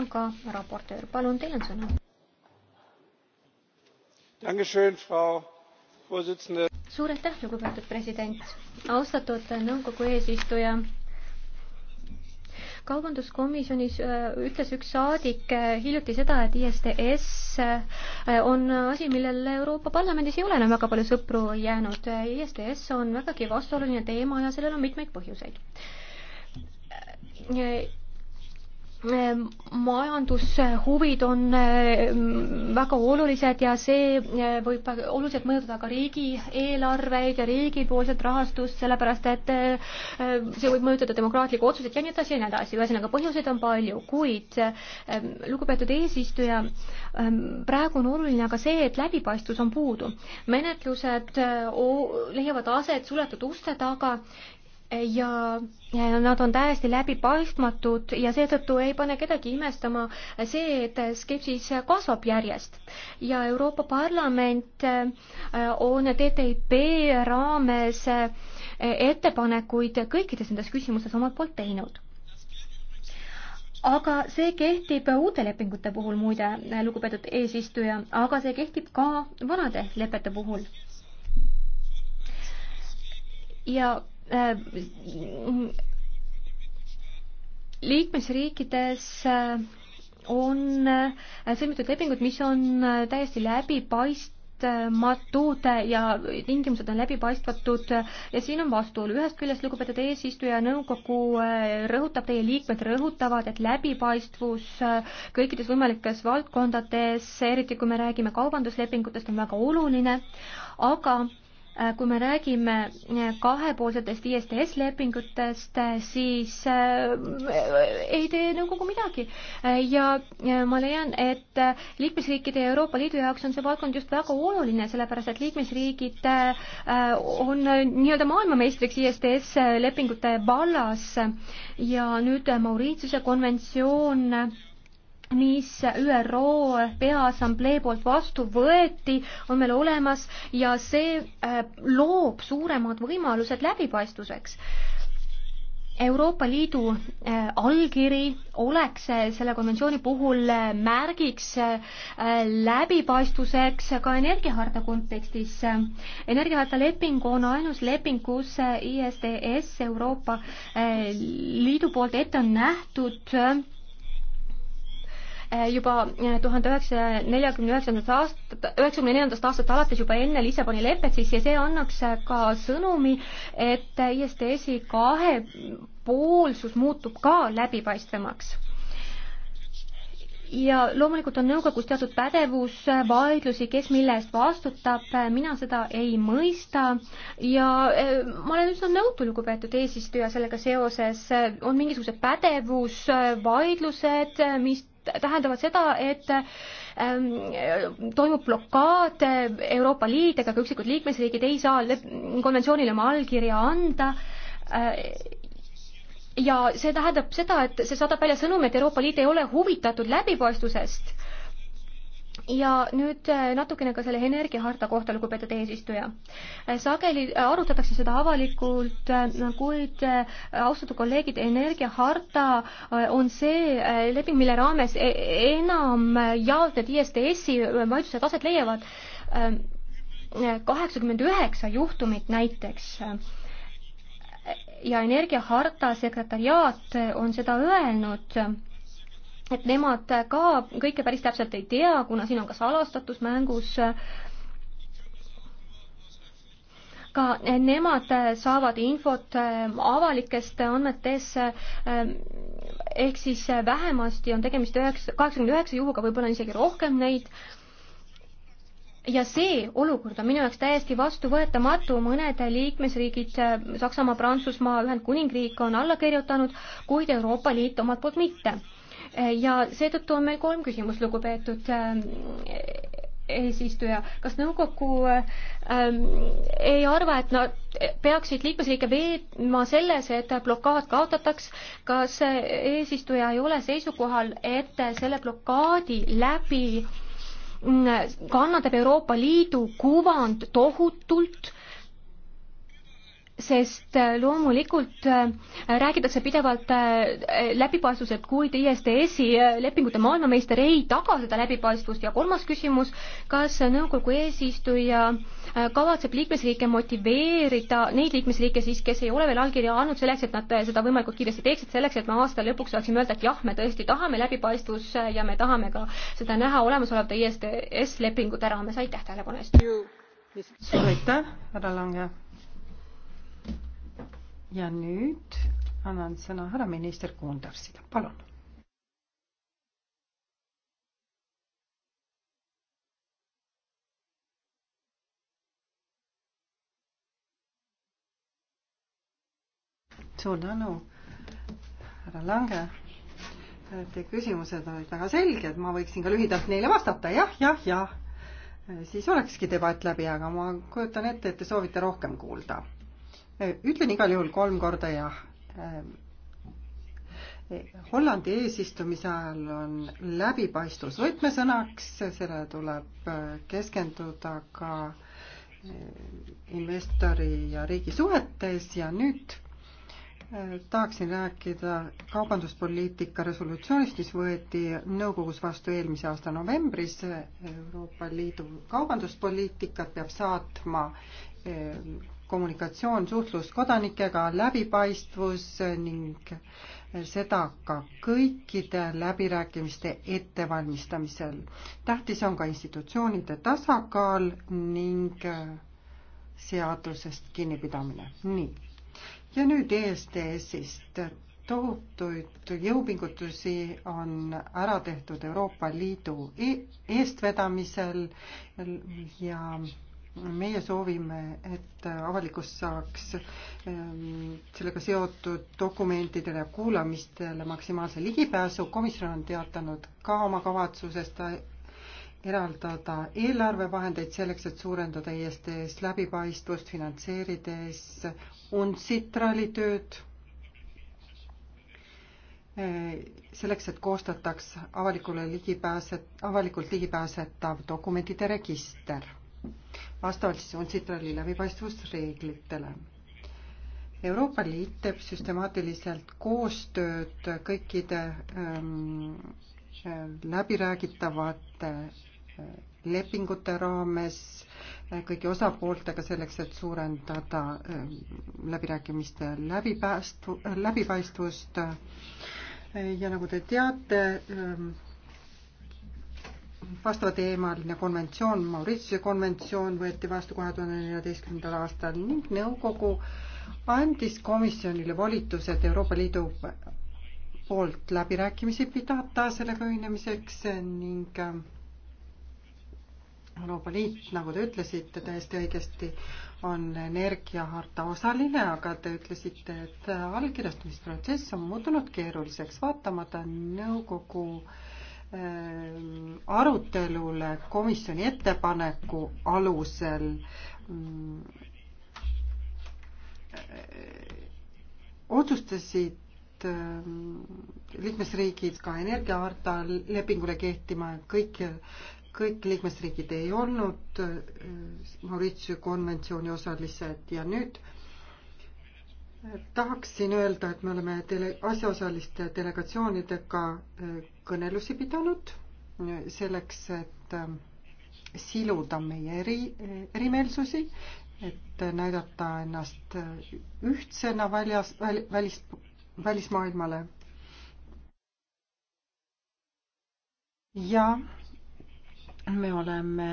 on ka raportöör, palun, teil on sõna. suur aitäh, lugupeetud president, austatud nõukogu eesistuja. kaubanduskomisjonis äh, ütles üks saadik äh, hiljuti seda, et ISDS äh, on asi, millel Euroopa Parlamendis ei ole enam väga palju sõpru jäänud. ISDS on vägagi vastuoluline teema ja sellel on mitmeid põhjuseid Ehm, majandushuvid on ehm, väga olulised ja see ehm, võib oluliselt mõjutada ka riigieelarveid ja riigipoolset rahastust, sellepärast et see võib mõjutada demokraatlikke otsuseid ja nii edasi ja nii edasi, ühesõnaga põhjuseid on palju, kuid lugupeetud eesistuja, praegu on oluline aga see, et läbipaistvus on puudu. menetlused eh, leiavad aset suletud uste taga ja nad on täiesti läbipaistmatud ja seetõttu ei pane kedagi imestama see, et skepsis kasvab järjest. ja Euroopa Parlament äh, on TTIP raames äh, ettepanekuid kõikides nendes küsimustes omalt poolt teinud aga see kehtib uute lepingute puhul muide, lugupeetud eesistuja, aga see kehtib ka vanade lepete puhul. ja Äh, liikmesriikides äh, on äh, sõlmitud lepingud, mis on täiesti läbipaistmatud ja tingimused on läbipaistmatud ja siin on vastuolu. ühest küljest, lugupeetud eesistuja, nõukogu rõhutab, teie liikmed rõhutavad, et läbipaistvus kõikides võimalikes valdkondades, eriti kui me räägime kaubanduslepingutest, on väga oluline, aga Äh, kui me räägime äh, kahepoolsetest ISDS lepingutest, äh, siis ei tee nõukogu midagi. ja ma leian, et liikmesriikide ja Euroopa Liidu jaoks on see valdkond just väga oluline, sellepärast et liikmesriigid on nii-öelda maailmameistriks ISDS lepingute vallas ja nüüd Mauritiuse konventsioon mis ÜRO Peaassamblee poolt vastu võeti, on meil olemas ja see äh, loob suuremad võimalused läbipaistvuseks. Euroopa Liidu äh, allkiri oleks äh, selle konventsiooni puhul märgiks läbipaistvuseks ka energiaharta kontekstis. energiaharta leping on ainus leping, kus ISDS Euroopa Liidu poolt ette on nähtud Eh, juba eh, tuhande üheksasaja neljakümne üheksandast aastat, üheksakümne neljandast aastast alates juba enne Lissaboni lepet siis ja see annaks eh, ka sõnumi, et ISDS-i kahepoolsus muutub ka läbipaistvamaks ja loomulikult on nõukogus teatud pädevus, vaidlusi, kes mille eest vastutab, mina seda ei mõista ja ma olen üsna nõutu, lugupeetud eesistuja, sellega seoses on mingisugused pädevusvaidlused, mis tähendavad seda, et ähm, toimub blokaad, Euroopa Liit ega ka üksikud liikmesriigid ei saa konventsioonile oma allkirja anda äh, ja see tähendab seda, et see saadab välja sõnumi, et Euroopa Liit ei ole huvitatud läbipaistvusest ja nüüd äh, natukene ka selle energiaharta kohta, lugupeetud eesistuja. Äh, sageli äh, arutatakse seda avalikult, kuid austatud kolleegid, energiaharta on see leping, mille raames e-, enam jaolt need ISDS-i vaidlused aset leiavad. Ähm, kaheksakümmend üheksa juhtumit näiteks ja energiaharta sekretariaat on seda öelnud et nemad ka kõike päris täpselt ei tea, kuna siin on ka salastatus mängus. ka nemad saavad infot ähm, avalikest andmetes ähm, ehk siis äh, vähemasti on tegemist üheksa, kaheksakümne üheksa juhuga, võib-olla isegi rohkem neid ja see olukord on minu jaoks täiesti vastuvõetamatu, mõned liikmesriigid, äh, Saksamaa, Prantsusmaa, Ühendkuningriik on alla kirjutanud, kuid Euroopa Liit omalt poolt mitte ja seetõttu on meil kolm küsimust, lugupeetud äh, eesistuja, kas nõukogu ähm, ei arva, et nad peaksid liikmesriike veenma selles, et blokaad kaotataks, kas äh, eesistuja ei ole seisukohal, et selle blokaadi läbi mm, kannatab Euroopa Liidu kuvand tohutult sest äh, loomulikult äh, räägitakse pidevalt äh, läbipaistvusest, kuid ISDS-i lepingute maailmameister ei taga seda läbipaistvust ja kolmas küsimus, kas nõukogu eesistuja kavatseb liikmesriike motiveerida, neid liikmesriike siis, kes ei ole veel allkirja andnud, selleks, et nad seda võimalikult kiiresti teeksid, selleks, et me aasta lõpuks saaksime öelda, et jah, me tõesti tahame läbipaistvus ja me tahame ka seda näha olemasolevate ISDS lepingute raames, aitäh tähelepanu eest! suur aitäh, härra Lange! ja nüüd annan sõna härra minister Kuundarsile, palun. suur tänu, härra Lange. Teie küsimused olid väga selged, ma võiksin ka lühidalt neile vastata jah, jah, jah. siis olekski debatt läbi, aga ma kujutan ette, et te soovite rohkem kuulda ütlen igal juhul kolm korda jah. Ähm, Hollandi eesistumise ajal on läbipaistvus võtmesõnaks, sellele tuleb äh, keskenduda ka äh, investori ja riigi suhetes ja nüüd äh, tahaksin rääkida kaubanduspoliitika resolutsioonist, mis võeti nõukogus vastu eelmise aasta novembris. Euroopa Liidu kaubanduspoliitikat peab saatma kommunikatsioon, suhtlus kodanikega, läbipaistvus ning seda ka kõikide läbirääkimiste ettevalmistamisel. tähtis on ka institutsioonide tasakaal ning seadusest kinnipidamine. nii. ja nüüd ESTS-ist. tohutuid jõupingutusi on ära tehtud Euroopa Liidu e-, eestvedamisel ja meie soovime, et avalikkus saaks ähm, sellega seotud dokumentidele ja kuulamistele maksimaalse ligipääsu. komisjon on teatanud ka oma kavatsusest eraldada eelarvevahendeid selleks, et suurendada ISTS läbipaistvust, finantseerides UNCITRAL-i tööd. Äh, selleks, et koostataks avalikule ligipääse, avalikult ligipääsetav dokumentide register vastavalt siis UNCITRAL-i läbipaistvusreeglitele. Euroopa Liit teeb süstemaatiliselt koostööd kõikide ähm, äh, läbiräägitavate äh, lepingute raames äh, kõigi osapooltega selleks, et suurendada ähm, läbirääkimiste läbipäästu, läbipaistvust. ja nagu te teate ähm,, vastavateemaline konventsioon, Mauritsuse konventsioon võeti vastu kahe tuhande neljateistkümnendal aastal ning nõukogu andis komisjonile volitused Euroopa Liidu poolt läbirääkimisi pidada sellega ühinemiseks ning äh, Euroopa Liit, nagu te ütlesite täiesti õigesti, on energiaharta osaline, aga te ütlesite, et allkirjastamisprotsess on muutunud keeruliseks, vaatamata nõukogu äh, Ähm, arutelule komisjoni ettepaneku alusel mm, otsustasid ähm, liikmesriigid ka energiaharta lepingule kehtima, kõik, kõik liikmesriigid ei olnud äh, Mauritsio konventsiooni osalised ja nüüd äh, tahaksin öelda, et me oleme dele-, asjaosaliste delegatsioonidega äh, kõnelusi pidanud äh, selleks, et äh, siluda meie eri, erimeelsusi, et näidata ennast ühtsena väljas, väl-, välis, välismaailmale. ja me oleme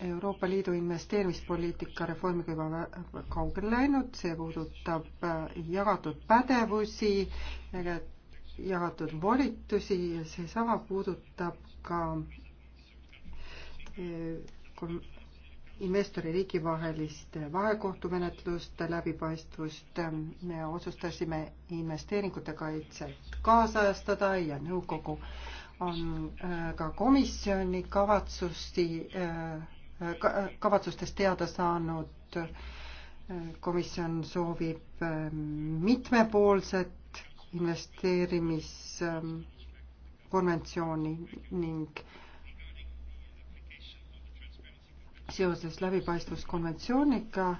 Euroopa Liidu investeerimispoliitika reformiga juba kaugele läinud, see puudutab äh, jagatud pädevusi, jagatud volitusi ja seesama puudutab ka äh, investori riigivaheliste vahekohtumenetluste läbipaistvust. me otsustasime investeeringute kaitset kaasajastada ja nõukogu on äh, ka komisjoni kavatsusti äh, kavatsustest teada saanud. komisjon soovib ähm, mitmepoolset investeerimiskonventsiooni ning seoses läbipaistvuskonventsiooniga äh,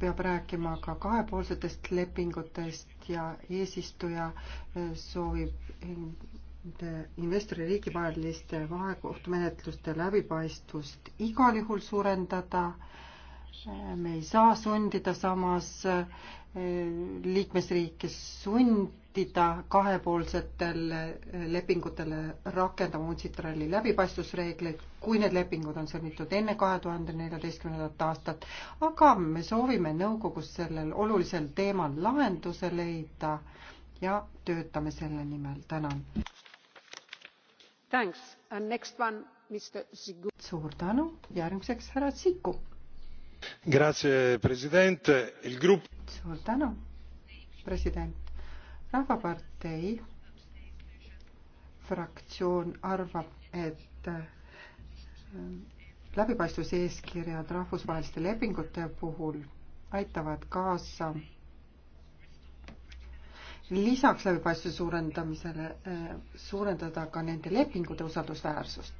peab rääkima ka kahepoolsetest lepingutest ja eesistuja äh, soovib investori riigivaheliste vahekohtumenetluste läbipaistvust igal juhul suurendada. me ei saa sundida samas eh, liikmesriike sundida kahepoolsetel eh, lepingutele rakendama UNCITRAL-i läbipaistvusreegleid, kui need lepingud on sõlmitud enne kahe tuhande neljateistkümnendat aastat, aga me soovime nõukogus sellel olulisel teemal lahenduse leida ja töötame selle nimel, tänan suur tänu, järgmiseks härra Siku. Grupp... suur tänu, president. rahvapartei fraktsioon arvab, et äh, läbipaistvuse eeskirjad rahvusvaheliste lepingute puhul aitavad kaasa lisaks läbipaistvuse suurendamisele äh, suurendada ka nende lepingute usaldusväärsust.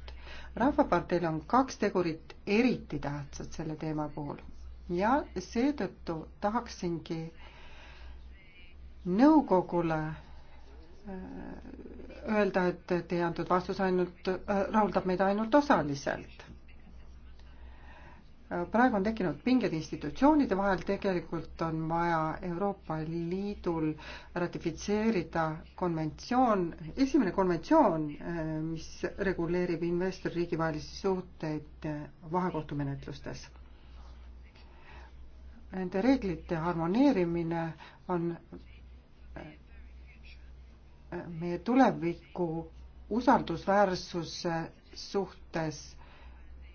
rahvaparteil on kaks tegurit eriti tähtsad selle teema puhul ja seetõttu tahaksingi nõukogule äh, öelda, et teie antud vastus ainult, äh, rahuldab meid ainult osaliselt praegu on tekkinud pinged institutsioonide vahel, tegelikult on vaja Euroopa Liidul ratifitseerida konventsioon, esimene konventsioon, mis reguleerib investorriigi vahelisi suhteid vahekohtumenetlustes. Nende reeglite harmoneerimine on meie tuleviku usaldusväärsuse suhtes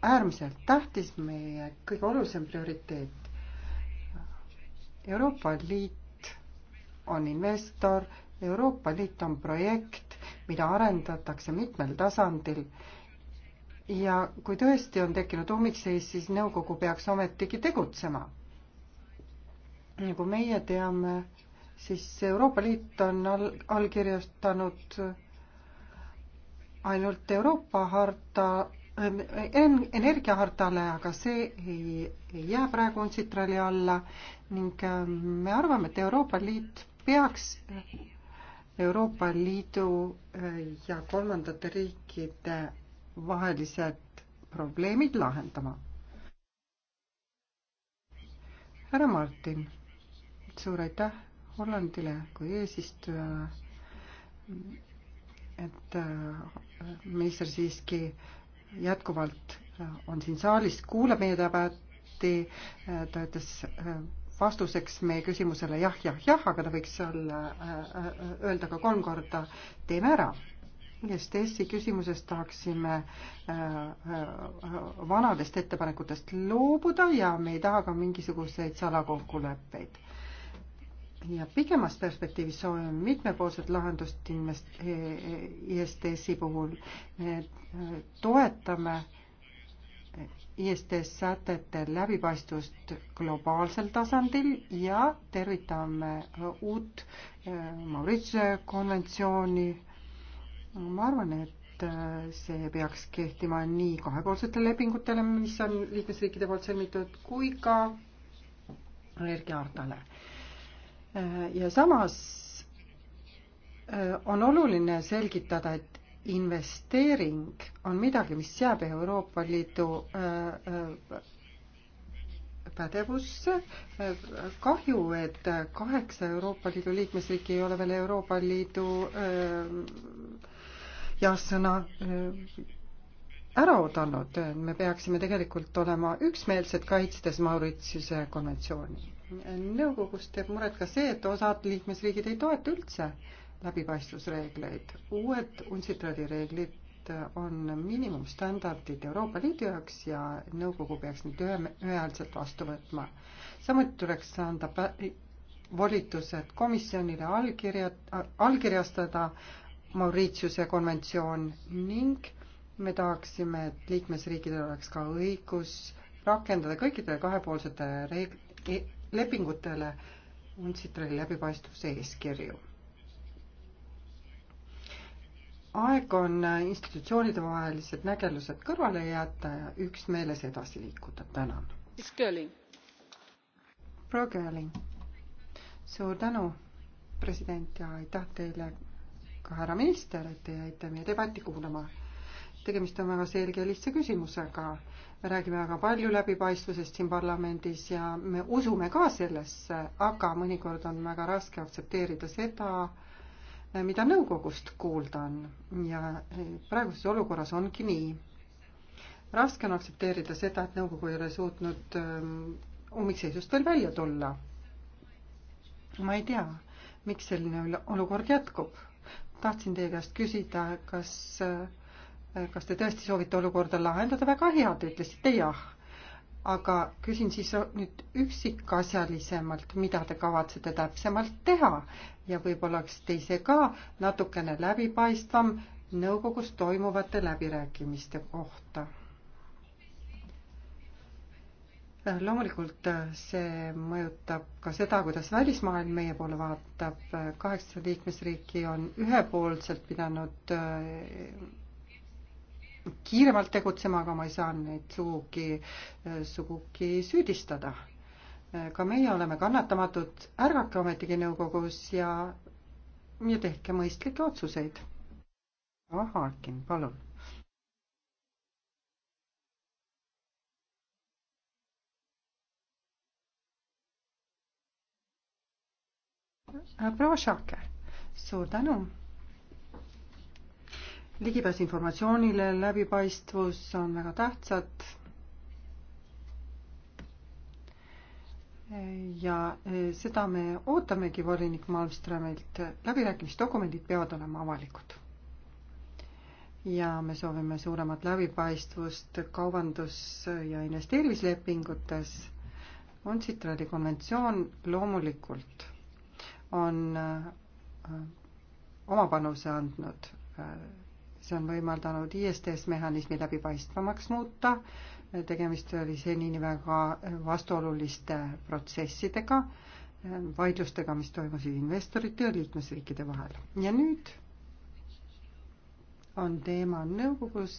äärmiselt tähtis, meie kõige olulisem prioriteet. Euroopa Liit on investor, Euroopa Liit on projekt, mida arendatakse mitmel tasandil ja kui tõesti on tekkinud ummikseis, siis nõukogu peaks ometigi tegutsema. nagu meie teame, siis Euroopa Liit on all, allkirjastanud ainult Euroopa harta energiahartale, aga see ei, ei jää praegu UNCITRAL-i alla ning ähm, me arvame, et Euroopa Liit peaks Euroopa Liidu äh, ja kolmandate riikide vahelised probleemid lahendama. härra Martin, suur aitäh Hollandile kui eesistujale, et äh, minister siiski äh, jätkuvalt äh, on siin saalis, kuulab meie debatti, äh, ta ütles äh, vastuseks meie küsimusele jah, jah, jah, aga ta võiks olla, öelda ka kolm korda teeme ära. STS-i küsimuses tahaksime vanadest ettepanekutest loobuda ja me ei taha ka mingisuguseid salakokkuleppeid ja pikemas perspektiivis soovime mitmepoolset lahendust invest-, e- e- ISTS-i puhul. me äh, toetame ISTS sätete läbipaistvust globaalsel tasandil ja tervitame äh, uut äh, Mauritsuse konventsiooni. ma arvan, et see peaks kehtima nii kahepoolsetele lepingutele, mis on liikmesriikide poolt sõlmitud, kui ka energiahartale Äh, ja samas äh, on oluline selgitada, et investeering on midagi, mis jääb Euroopa Liidu äh, pädevusse. kahju, et kaheksa Euroopa Liidu liikmesriiki ei ole veel Euroopa Liidu jah, sõna ära oodanud, me peaksime tegelikult olema üksmeelsed, kaitstes Mauritsuse konventsiooni. nõukogus teeb muret ka see, et osad liikmesriigid ei toeta üldse läbipaistvusreegleid. uued UNCITRAL-i reeglid on miinimumstandardid Euroopa Liidu jaoks ja nõukogu peaks need ühe, ühehäälselt vastu võtma. samuti tuleks anda volitused komisjonile allkirja, allkirjastada Mauritiuse konventsioon ning me tahaksime, et liikmesriikidel oleks ka õigus rakendada kõikidele kahepoolsetele reeg-, e lepingutele UNCITRAL-i läbipaistvuse eeskirju. aeg on institutsioonide vahelised nägelused kõrvale jätta ja üksmeeles edasi liikuda, tänan. proua Gerling, suur tänu, president, ja aitäh teile ka härra minister, et te jäite meie debatti kuulama tegemist on väga selge ja lihtsa küsimusega. me räägime väga palju läbipaistvusest siin parlamendis ja me usume ka sellesse, aga mõnikord on väga raske aktsepteerida seda, mida nõukogust kuulda on ja praeguses olukorras ongi nii. raske on aktsepteerida seda, et nõukogu ei ole suutnud ähm, ummikseisust veel välja tulla. ma ei tea, miks selline olukord jätkub. tahtsin teie käest küsida, kas äh, kas te tõesti soovite olukorda lahendada, väga hea, te ütlesite jah. aga küsin siis nüüd üksikasjalisemalt, mida te kavatsete täpsemalt teha ja võib-olla oleksite ise ka natukene läbipaistvam nõukogus toimuvate läbirääkimiste kohta. loomulikult see mõjutab ka seda, kuidas välismaailm meie poole vaatab. kaheksa liikmesriiki on ühepoolselt pidanud kiiremalt tegutsema, aga ma ei saa neid sugugi, sugugi süüdistada. ka meie oleme kannatamatud, ärgake ometigi nõukogus ja, ja tehke mõistlikke otsuseid. Harkin, palun. proua Šake, suur tänu ligipääs informatsioonile, läbipaistvus on väga tähtsad. ja eh, seda me ootamegi volinik Malmströmilt, läbirääkimisdokumendid peavad olema avalikud ja me soovime suuremat läbipaistvust kaubandus- ja investeerimislepingutes. on Citrali konventsioon loomulikult on eh, oma panuse andnud eh, see on võimaldanud ISTS mehhanismi läbipaistvamaks muuta, tegemist oli senini väga vastuoluliste protsessidega, vaidlustega, mis toimusid investorite ja liikmesriikide vahel. ja nüüd on teema nõukogus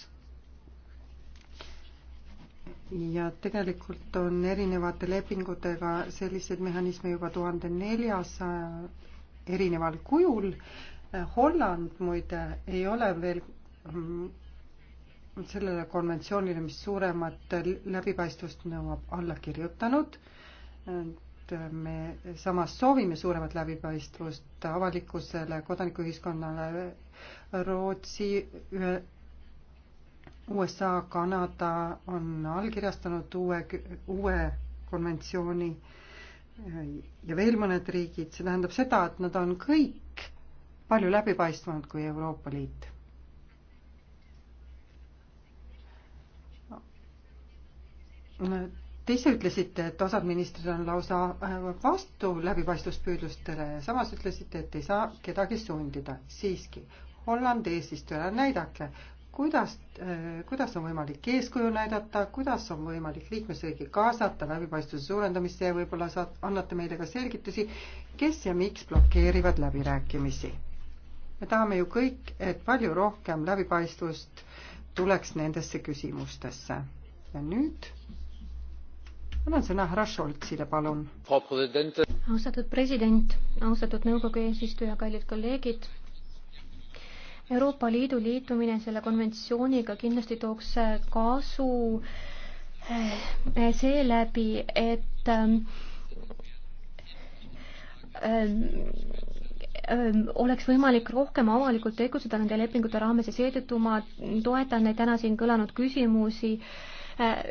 ja tegelikult on erinevate lepingutega selliseid mehhanisme juba tuhande neljasaja erineval kujul. Holland muide ei ole veel Mm-hmm. sellele konventsioonile, mis suuremat läbipaistvust nõuab, alla kirjutanud. et me samas soovime suuremat läbipaistvust avalikkusele, kodanikuühiskonnale. Rootsi, USA, Kanada on allkirjastanud uue, uue konventsiooni ja veel mõned riigid, see tähendab seda, et nad on kõik palju läbipaistvamad kui Euroopa Liit Te ise ütlesite, et osad ministrid on lausa äh, vastu läbipaistvuspüüdlustele ja samas ütlesite, et ei saa kedagi sundida. siiski, Hollandi eesistujana näidake, kuidas, äh, kuidas on võimalik eeskuju näidata, kuidas on võimalik liikmesriigi kaasata läbipaistvuse suurendamisse ja võib-olla saad, annate meile ka selgitusi, kes ja miks blokeerivad läbirääkimisi. me tahame ju kõik, et palju rohkem läbipaistvust tuleks nendesse küsimustesse. ja nüüd annan sõna härra Scholzile, palun. austatud president, austatud nõukogu eesistuja, kallid kolleegid. Euroopa Liidu liitumine selle konventsiooniga kindlasti tooks kasu eh, seeläbi, et ähm, ähm, oleks võimalik rohkem avalikult tegutseda nende lepingute raames ja seetõttu ma toetan neid täna siin kõlanud küsimusi äh, Äh,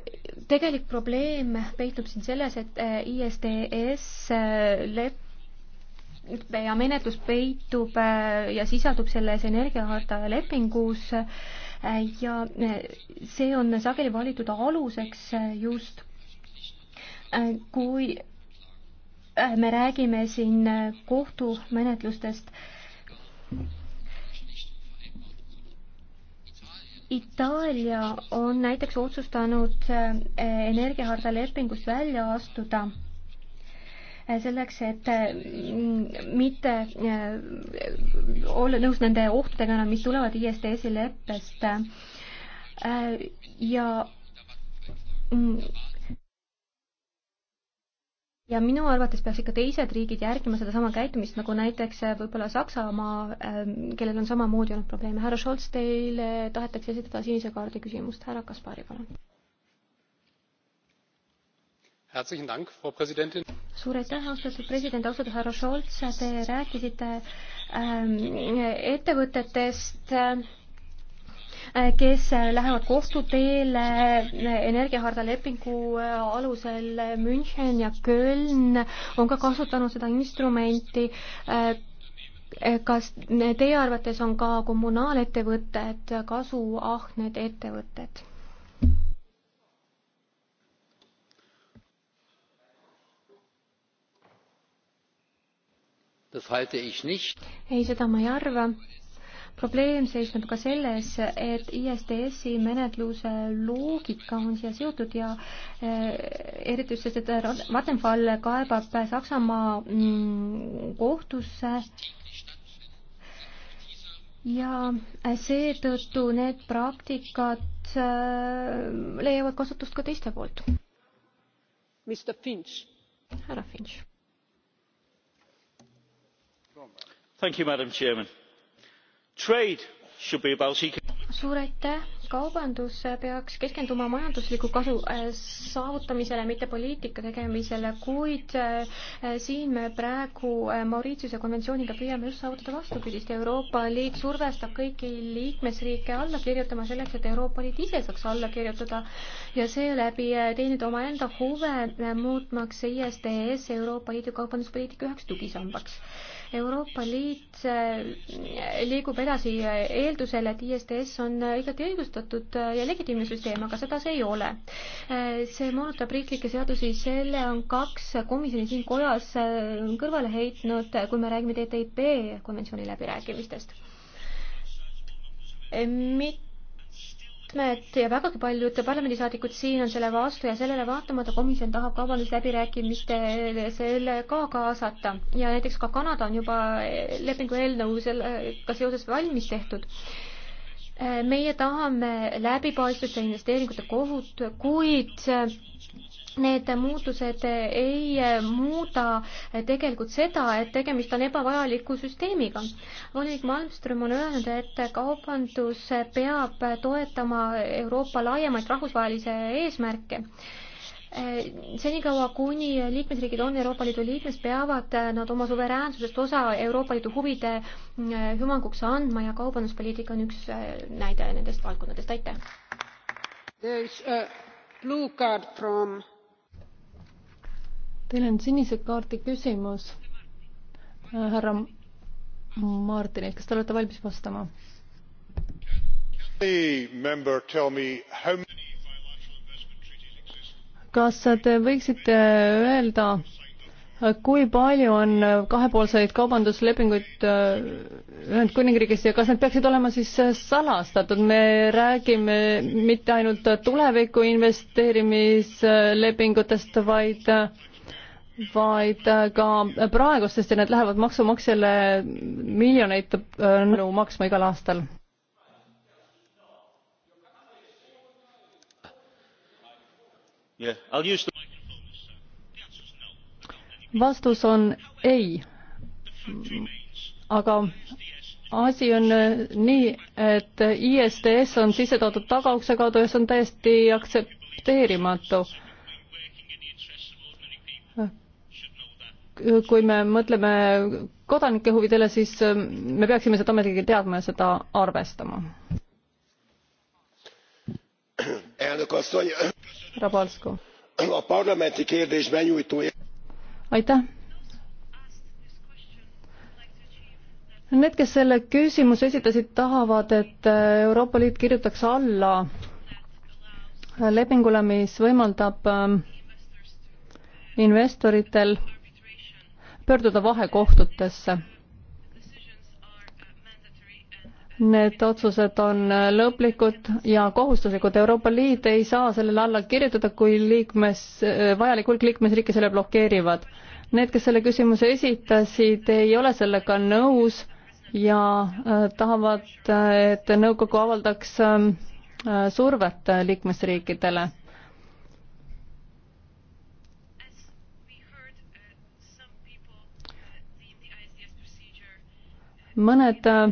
tegelik probleem peitub siin selles, et äh, ISDS äh, lepp ja menetlus peitub ja sisaldub selles energiaharta lepingus ja see on sageli valitud aluseks just kui me räägime siin kohtumenetlustest Itaalia on näiteks otsustanud eh, energiaharta lepingust välja astuda eh, selleks, et mm, mitte eh, olla nõus nende ohtudega, mis tulevad ISDS-i leppest ja mm, ja minu arvates peaks ikka teised riigid järgima sedasama käitumist, nagu näiteks äh, võib-olla Saksamaa, ähm, kellel on samamoodi olnud probleeme. härra Scholz, teile tahetakse esitada sinise kaardi küsimust. härra Kaspari, palun. suur aitäh, austatud president, austatud härra Scholz, te rääkisite ähm, ettevõtetest äh, Äh, kes äh, lähevad kohtuteele äh, energiaharda lepingu alusel München ja Köln on ka kasutanud seda instrumenti. kas teie arvates on ka kommunaalettevõtted kasuahned ettevõtted? das halte ich nicht. ei, seda ma ei arva probleem seisneb ka selles, et ISDS-i menetluse loogika on siia seotud ja eh, eriti just, et Vattenfall kaebab Saksamaa mm, kohtusse ja seetõttu need praktikad eh, leiavad kasutust ka teiste poolt. härra Finch suur aitäh! kaubandus peaks keskenduma majandusliku kasu äh, saavutamisele, mitte poliitika tegemisele, kuid äh, siin me praegu äh, Mauritiuse konventsiooniga püüame just saavutada vastupidist. Euroopa Liit survestab kõiki liikmesriike alla kirjutama selleks, et Euroopa Liit ise saaks alla kirjutada ja seeläbi teenida omaenda huve, muutmaks ISDS Euroopa Liidu kaubanduspoliitika üheks tugisambaks Euroopa Liit äh, liigub edasi eeldusel, et ISDS on äh, igati õigustatud äh, ja legitiimne süsteem, aga seda see ei ole. see moonutab riiklikke seadusi, selle on kaks komisjoni siin kojas kõrvale heitnud, kui me räägime TTIP konventsiooni läbirääkimistest. mitte mitmed ja vägagi paljud parlamendisaadikud siin on selle vastu ja sellele vaatamata komisjon tahab kaubandusläbirääkimistele selle ka kaasata ja näiteks ka Kanada on juba lepingu eelnõu sellega seoses valmis tehtud. meie tahame läbipaistvust ja investeeringute kohut, kuid Need muutused ei muuda tegelikult seda, et tegemist on ebavajaliku süsteemiga. volinik Malmström on öelnud, et kaubandus peab toetama Euroopa laiemaid rahvusvahelisi eesmärke senikaua, kuni liikmesriigid on Euroopa Liidu liikmes, peavad nad oma suveräänsusest osa Euroopa Liidu huvide hüvanguks andma ja kaubanduspoliitika on üks näide nendest valdkondadest, aitäh. Teil on sinise kaardi küsimus äh, härra Martinilt, kas te olete valmis vastama? kas te võiksite öelda, kui palju on kahepoolseid kaubanduslepinguid äh, Ühendkuningriigis ja kas need peaksid olema siis äh, salastatud, me räägime mitte ainult tuleviku investeerimislepingutest, vaid äh, vaid äh, ka praegust, sest need lähevad maksumaksjale miljoneid äh, nõu maksma igal aastal. vastus on ei. aga asi on äh, nii, et ISDS on sisse toodud tagaukse kaudu ja see on täiesti aktsepteerimatu kui me mõtleme kodanike huvidele, siis ähm, me peaksime seda ometigi teadma ja seda arvestama. Rabalsku. aitäh. Need, kes selle küsimuse esitasid, tahavad, et äh, Euroopa Liit kirjutaks alla lepingule, mis võimaldab ähm, investoritel pöörduda vahekohtutesse. Need otsused on lõplikud ja kohustuslikud. Euroopa Liit ei saa sellele alla kirjutada, kui liikmes, vajalik hulk liikmesriike selle blokeerivad. Need, kes selle küsimuse esitasid, ei ole sellega nõus ja äh, tahavad, äh, et nõukogu avaldaks äh, survet liikmesriikidele mõned äh,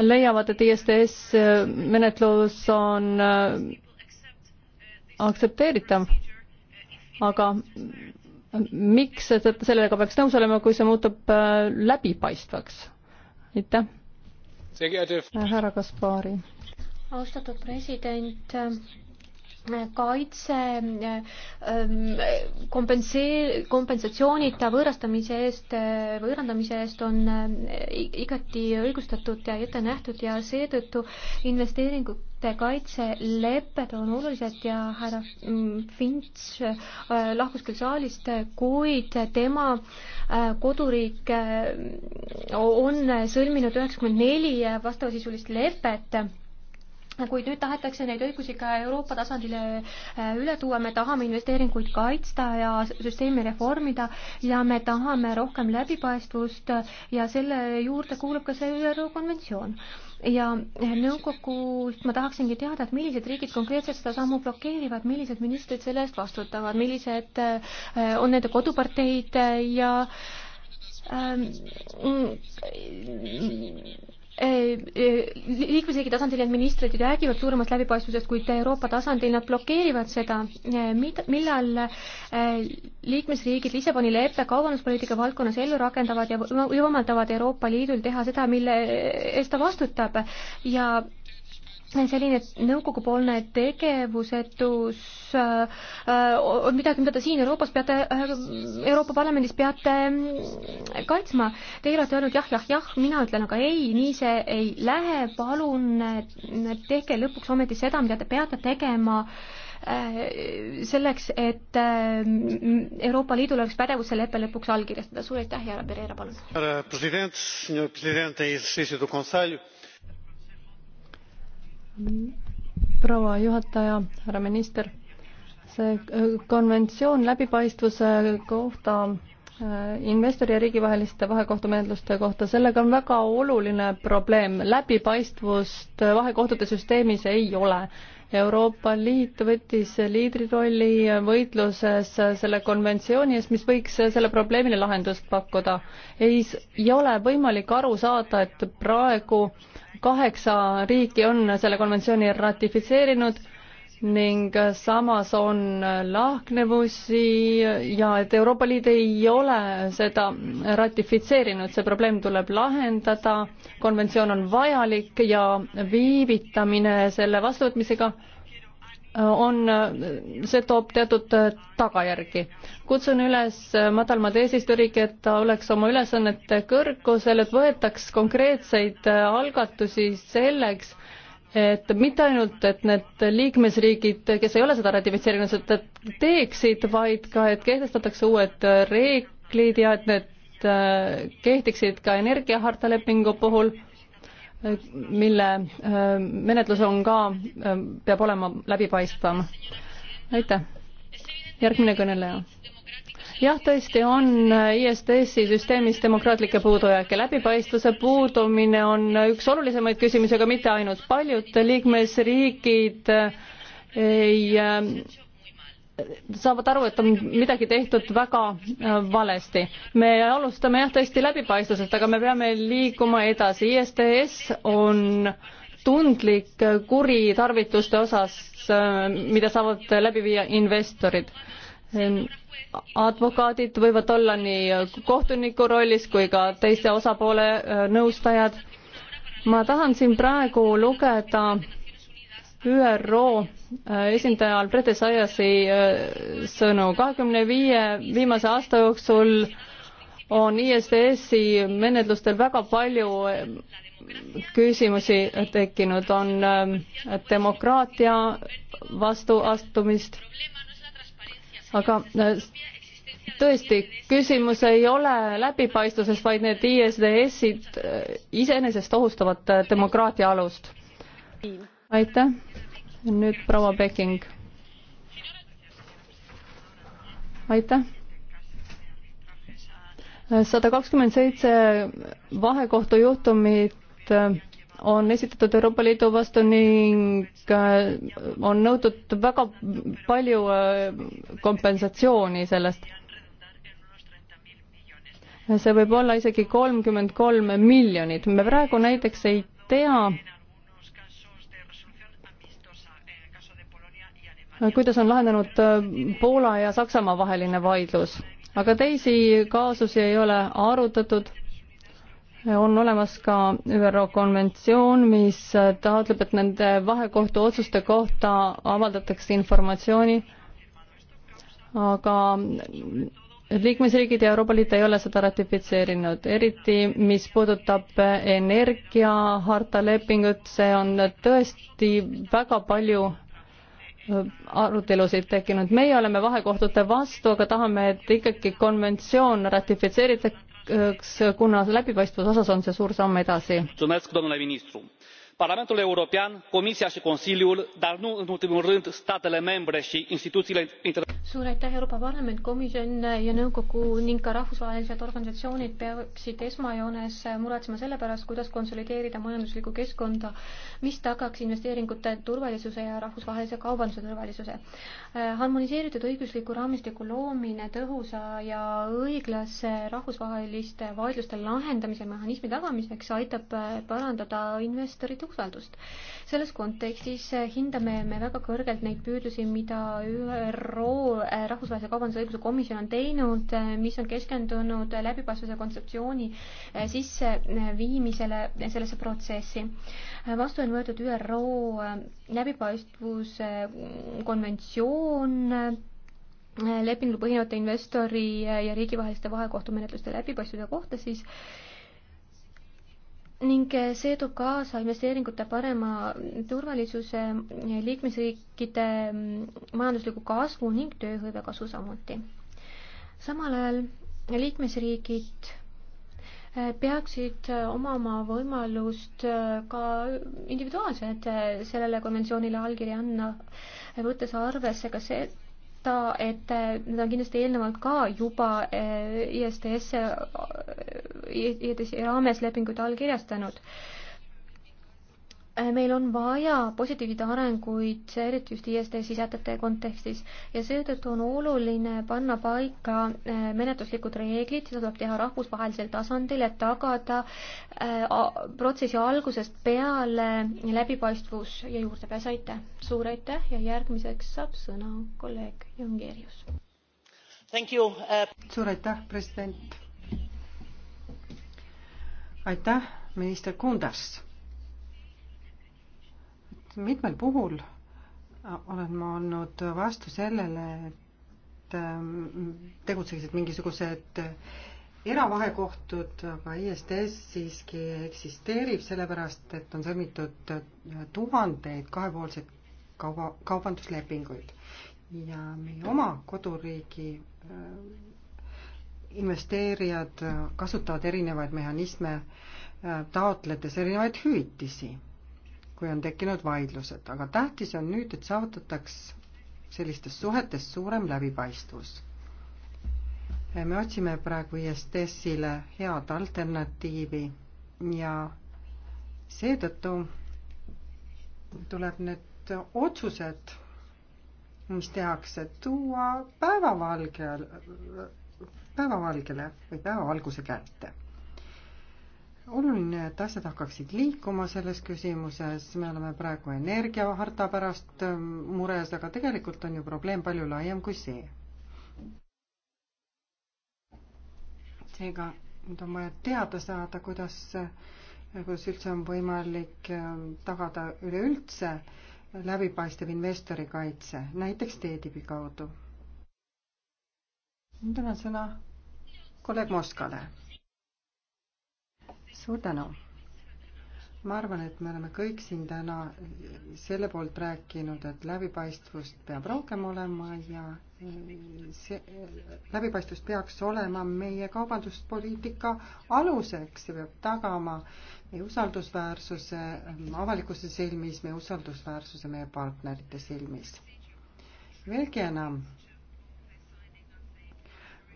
leiavad, et ISDS äh, menetlus on äh, aktsepteeritav, aga miks sellega peaks nõus olema, kui see muutub läbipaistvaks? aitäh. härra Kaspari. austatud president kaitse ähm, kompensee-, kompensatsioonita võõrastamise eest, äh, võõrandamise eest on äh, igati õigustatud ja ette nähtud ja seetõttu investeeringute kaitselepped on olulised ja härra mm, Finch äh, lahkus küll saalist, kuid tema koduriik on sõlminud üheksakümmend neli vastavasisulist lepet kuid nüüd tahetakse neid õigusi ka Euroopa tasandile äh, üle tuua, me tahame investeeringuid kaitsta ja süsteemi reformida ja me tahame rohkem läbipaistvust ja selle juurde kuulub ka see ÜRO konventsioon ja äh, nõukogust ma tahaksingi teada, et millised riigid konkreetselt seda sammu blokeerivad, millised ministrid selle eest vastutavad, millised äh, on nende koduparteid ja ähm, liikmesriigi tasandil need ministrid räägivad suuremast läbipaistvusest, kuid Euroopa tasandil nad blokeerivad seda. Eh, Mid-, millal eh, liikmesriigid Lissaboni leppe kaubanduspoliitika valdkonnas ellu rakendavad ja võimaldavad Euroopa Liidul teha seda, mille eest ta vastutab ja selline nõukogupoolne tegevusetus äh, äh, on midagi, mida te siin Euroopas peate äh,, Euroopa Parlamendis peate mm, kaitsma. Teie olete öelnud jah, jah, jah, mina ütlen aga ei, nii see ei lähe, palun äh, tehke lõpuks ometi seda, mida te peate tegema äh, selleks, et äh, mm, Euroopa Liidul oleks pädevus see lepe lõpuks allkirjastada. suur aitäh, härra Pereira, palun. härra president, senor president, eesistuja, konselj proua juhataja, härra minister, see äh, konventsioon läbipaistvuse kohta äh, investori ja riigi vaheliste vahekohtumenetluste kohta, sellega on väga oluline probleem, läbipaistvust vahekohtute süsteemis ei ole. Euroopa Liit võttis liidrirolli võitluses selle konventsiooni eest, mis võiks selle probleemile lahendust pakkuda. ei, ei ole võimalik aru saada, et praegu kaheksa riiki on selle konventsiooni ratifitseerinud ning samas on lahknevusi ja et Euroopa Liit ei ole seda ratifitseerinud, see probleem tuleb lahendada, konventsioon on vajalik ja viivitamine selle vastuvõtmisega on, see toob teatud äh, tagajärgi. kutsun üles äh, madalmad eesistujariigi, et ta oleks oma ülesannete kõrgusel, et võetaks konkreetseid äh, algatusi selleks, et mitte ainult, et need liikmesriigid, kes ei ole seda ratifitseerinud, seda teeksid, vaid ka, et kehtestatakse uued reeglid ja et need kehtiksid ka energiaharta lepingu puhul mille äh, menetlus on ka, äh, peab olema läbipaistvam. aitäh. järgmine kõneleja jah, tõesti on ISDS-i süsteemis demokraatlikke puudujääke. läbipaistvuse puudumine on üks olulisemaid küsimusi, aga mitte ainult. paljud liikmesriigid ei äh, saavad aru, et on midagi tehtud väga äh, valesti. me alustame jah, tõesti läbipaistvusest, aga me peame liikuma edasi. ISDS on tundlik kuritarvituste osas, äh, mida saavad läbi viia investorid. advokaadid võivad olla nii kohtuniku rollis kui ka teiste osapoole äh, nõustajad. ma tahan siin praegu lugeda ÜRO äh, esindaja Albrete Saiasi äh, sõnu. kahekümne viie viimase aasta jooksul on ISDS-i menetlustel väga palju äh, küsimusi tekkinud, on demokraatia vastuastumist, aga tõesti, küsimus ei ole läbipaistvuses, vaid need ISDS-id iseenesest ohustavad demokraatia alust. aitäh! nüüd proua Peking. aitäh. sada kakskümmend seitse vahekohtujuhtumit äh, on esitatud Euroopa Liidu vastu ning äh, on nõutud väga palju äh, kompensatsiooni sellest. see võib olla isegi kolmkümmend kolm miljonit. me praegu näiteks ei tea, kuidas on lahenenud äh, Poola ja Saksamaa vaheline vaidlus, aga teisi kaasusi ei ole arutatud. on olemas ka ÜRO konventsioon, mis taotleb, et nende vahekohtu otsuste kohta avaldatakse informatsiooni, aga liikmesriigid ja Euroopa Liit ei ole seda ratifitseerinud, eriti mis puudutab energiaharta lepingut, see on tõesti väga palju arutelusid tekkinud. meie oleme vahekohtute vastu, aga tahame, et ikkagi konventsioon ratifitseeritakse, kuna läbipaistvuse osas on see suur samm edasi parlamentul european comisia și consiliul dar nu în ultimul rând statele membre și instituțiile internaționale mis tagaks investeeringute turvalisuse ja rahvusvahelise kaubanduse turvalisuse. harmoniseeritud õigusliku raamistiku loomine tõhusa ja õiglase rahvusvaheliste vaidluste lahendamise mehhanismi tagamiseks aitab parandada investori tuge usaldust. selles kontekstis eh, hindame me väga kõrgelt neid püüdlusi, mida ÜRO eh, Rahvusvahelise Kaubandusõiguse Komisjon on teinud, eh, mis on keskendunud läbipaistvuse kontseptsiooni sisseviimisele sellesse protsessi. vastu on võetud ÜRO läbipaistvuse mm, konventsioon, lepingul põhinevate investori ja riigivaheliste vahekohtumenetluste läbipaistvuse kohta siis ning see toob kaasa investeeringute parema turvalisuse, liikmesriikide majandusliku kasvu ning tööhõive kasu samuti. samal ajal liikmesriigid äh, peaksid omama võimalust äh, ka individuaalselt äh, sellele konventsioonile allkiri anda, võttes arvesse ka see, ta, et nad on kindlasti eelnevalt ka juba ISTS-e IEDC raames lepinguid allkirjastanud. Äh, meil on vaja positiivseid arenguid, eriti just ISDS-i e sätete kontekstis ja seetõttu on oluline panna paika äh, menetluslikud reeglid, seda tuleb teha rahvusvahelisel tasandil, et tagada äh, protsessi algusest peale läbipaistvus ja juurdepääs, aitäh! suur aitäh ja järgmiseks saab sõna kolleeg Jungerius suur aitäh president aitäh, minister Kunders. mitmel puhul olen ma olnud vastu sellele, et ähm, tegutseksid mingisugused eravahekohtud, aga ISDS siiski eksisteerib, sellepärast et on sõlmitud tuhandeid kahepoolseid kauba, kaubanduslepinguid. ja meie oma koduriigi äh, investeerijad kasutavad erinevaid mehhanisme, äh, taotledes erinevaid hüvitisi, kui on tekkinud vaidlused, aga tähtis on nüüd, et saavutataks sellistes suhetes suurem läbipaistvus. Äh, me otsime praegu ISTS-ile head alternatiivi ja seetõttu tuleb need otsused, mis tehakse, tuua päevavalgele päevavalgele või päevavalguse kätte. oluline, et asjad hakkaksid liikuma selles küsimuses, me oleme praegu energiaharta pärast ähm, mures, aga tegelikult on ju probleem palju laiem kui see. seega nüüd on vaja teada saada, kuidas, äh, kuidas üldse on võimalik ähm, tagada üleüldse läbipaistev investori kaitse, näiteks teedibi kaudu nüüd annan sõna kolleeg Moskale. suur tänu. ma arvan, et me oleme kõik siin täna selle poolt rääkinud, et läbipaistvust peab rohkem olema ja see läbipaistvus peaks olema meie kaubanduspoliitika aluseks, see peab tagama meie usaldusväärsuse avalikkuse silmis, meie usaldusväärsuse meie partnerite silmis. veelgi enam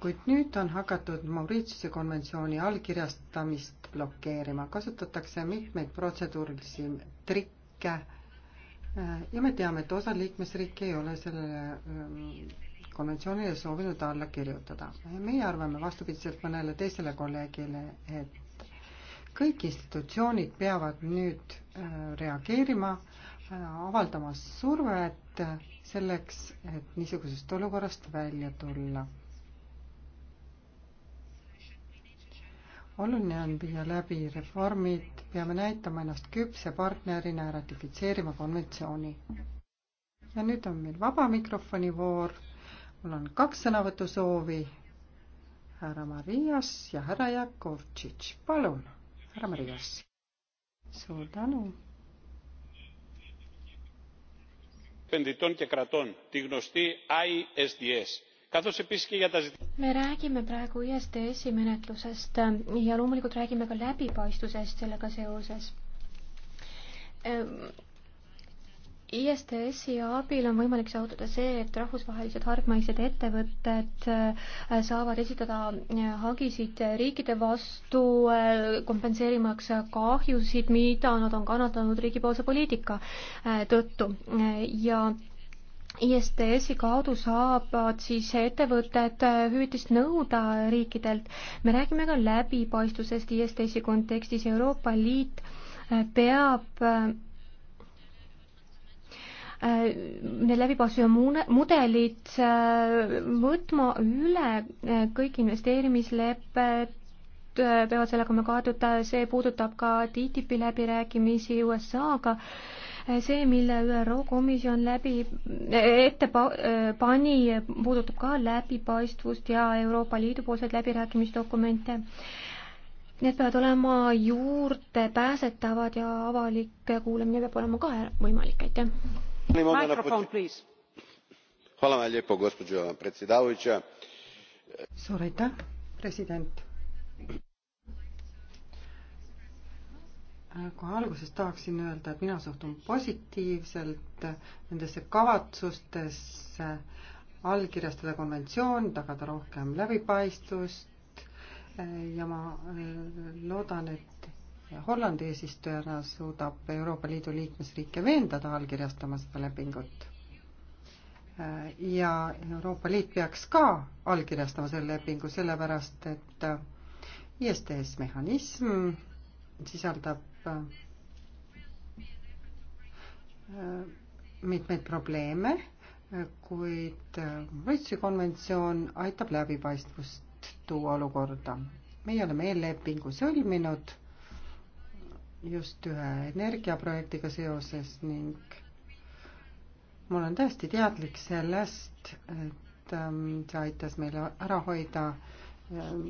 kuid nüüd on hakatud Mauritiuse konventsiooni allkirjastamist blokeerima, kasutatakse mitmeid protseduurilisi trikke äh, ja me teame, et osa liikmesriike ei ole sellele ähm, konventsioonile soovinud alla kirjutada. meie arvame vastupidiselt mõnele teisele kolleegile, et kõik institutsioonid peavad nüüd äh, reageerima, äh, avaldama survet selleks, et niisugusest olukorrast välja tulla oluline on viia läbi reformid, peame näitama ennast küpse partnerina ja ratifitseerima konventsiooni. ja nüüd on meil vaba mikrofoni voor. mul on kaks sõnavõtusoovi. härra Marias ja härra Jakovtšitš, palun, härra Marias. suur tänu. επενδυτών και κρατών, τη γνωστή ISDS me räägime praegu ISDS-i menetlusest ja loomulikult räägime ka läbipaistvusest sellega seoses. Ehm, ISTS-i abil on võimalik saavutada see, et rahvusvahelised hargmaised ettevõtted äh, saavad esitada äh, hagisid riikide vastu, äh, kompenseerimaks kahjusid, mida nad on kannatanud riigipoolse poliitika tõttu ja ISDS-i kaudu saavad siis ettevõtted äh, hüvitist nõuda riikidelt. me räägime ka läbipaistvusest ISDS-i kontekstis, Euroopa Liit äh, peab äh, need läbipaistvuse mudelid võtma üle kõik investeerimislepped, peavad sellega olema kaetud, see puudutab ka TTIP-i läbirääkimisi USA-ga see, mille ÜRO komisjon läbi, e, ette pa, e, pani, puudutab ka läbipaistvust ja Euroopa Liidu poolseid läbirääkimisdokumente. Need peavad olema juurdepääsetavad ja avalik kuulamine peab olema ka võimalik, aitäh. suur aitäh, president kohe alguses tahaksin öelda, et mina suhtun positiivselt nendesse kavatsustesse allkirjastada konventsioon, tagada rohkem läbipaistvust ja ma eh, loodan, et Hollandi eesistujana suudab Euroopa Liidu liikmesriike veenda allkirjastama seda lepingut. Eh, ja Euroopa Liit peaks ka allkirjastama selle lepingu, sellepärast et ISDS mehhanism sisaldab äh, mitmeid probleeme, kuid äh, Võitsi konventsioon aitab läbipaistvust tuua olukorda. meie oleme eellepingu sõlminud just ühe energiaprojektiga seoses ning ma olen täiesti teadlik sellest, et ähm, see aitas meil ära hoida ähm,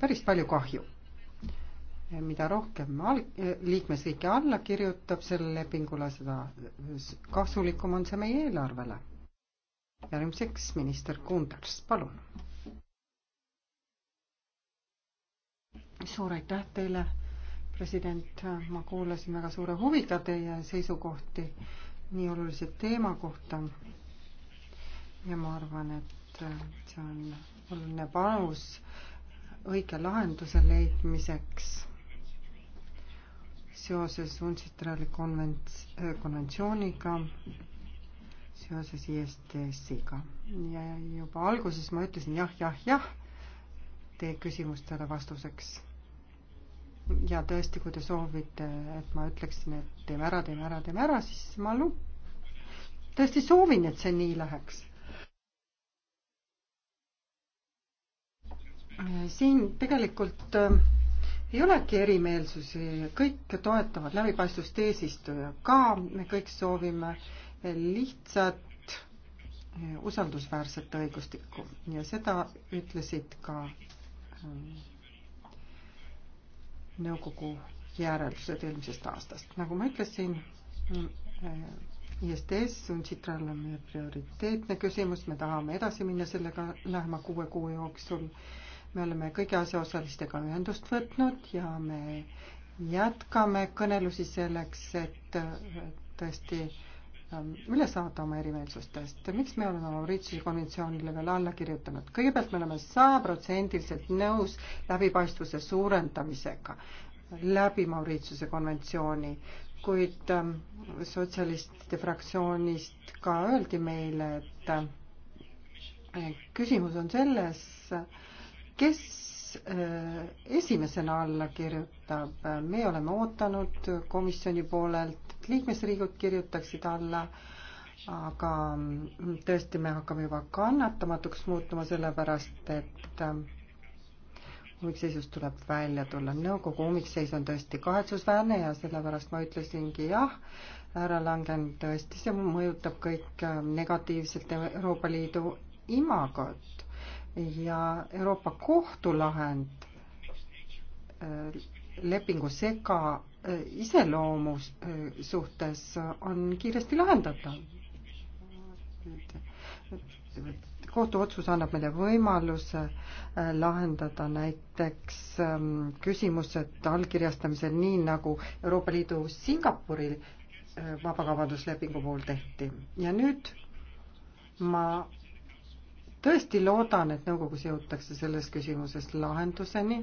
päris palju kahju Eh, mida rohkem al-, eh, liikmesriike alla kirjutab sellele lepingule, seda kasulikum on see meie eelarvele. järgmiseks minister Kunders, palun. suur aitäh teile, president, ma kuulasin väga suure huviga teie seisukohti nii olulise teema kohta. ja ma arvan, et äh, see on oluline panus õige lahenduse leidmiseks seoses UNCITRAL-i konvents-, äh, konventsiooniga, seoses ISTS-iga. E ja juba alguses ma ütlesin jah, jah, jah teie küsimustele vastuseks. ja tõesti, kui te soovite, et ma ütleksin, et teeme ära, teeme ära, teeme ära, siis ma lu-, tõesti soovin, et see nii läheks siin tegelikult äh, ei olegi erimeelsusi, kõik toetavad läbipaistvust eesistuja ka, me kõik soovime lihtsat eh, usaldusväärset õigustikku ja seda ütlesid ka eh, nõukogu järeldused eelmisest aastast. nagu ma ütlesin, mm, eh, ISTS on Citrale meie prioriteetne küsimus, me tahame edasi minna sellega lähema kuue kuu jooksul me oleme kõigi asjaosalistega ühendust võtnud ja me jätkame kõnelusi selleks, et tõesti ähm, üle saada oma erimeelsustest. miks me oleme Mauritiuse konventsioonile veel alla kirjutanud? kõigepealt me oleme sajaprotsendiliselt nõus läbipaistvuse suurendamisega läbi Mauritiuse konventsiooni, kuid ähm, sotsialistide fraktsioonist ka öeldi meile, et äh, küsimus on selles, kes äh, esimesena alla kirjutab, me oleme ootanud komisjoni poolelt, et liikmesriigid kirjutaksid alla, aga tõesti, me hakkame juba kannatamatuks muutuma, sellepärast et äh, ummikseisust tuleb välja tulla. nõukogu ummikseis on tõesti kahetsusväärne ja sellepärast ma ütlesingi jah, ära langenud tõesti, see mõjutab kõik äh, negatiivselt Euroopa Liidu imagot ja Euroopa Kohtu lahend äh, lepingu sega äh, iseloomu äh, suhtes on kiiresti lahendatav. kohtuotsus annab meile võimaluse lahendada näiteks ähm, küsimused allkirjastamisel, nii nagu Euroopa Liidu Singapuri vabakaubanduslepingu puhul tehti ja nüüd ma tõesti loodan, et nõukogus jõutakse selles küsimuses lahenduseni.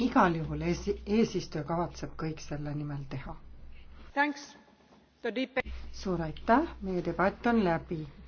igal juhul eesi-, eesistuja kavatseb kõik selle nimel teha. suur aitäh, meie debatt on läbi.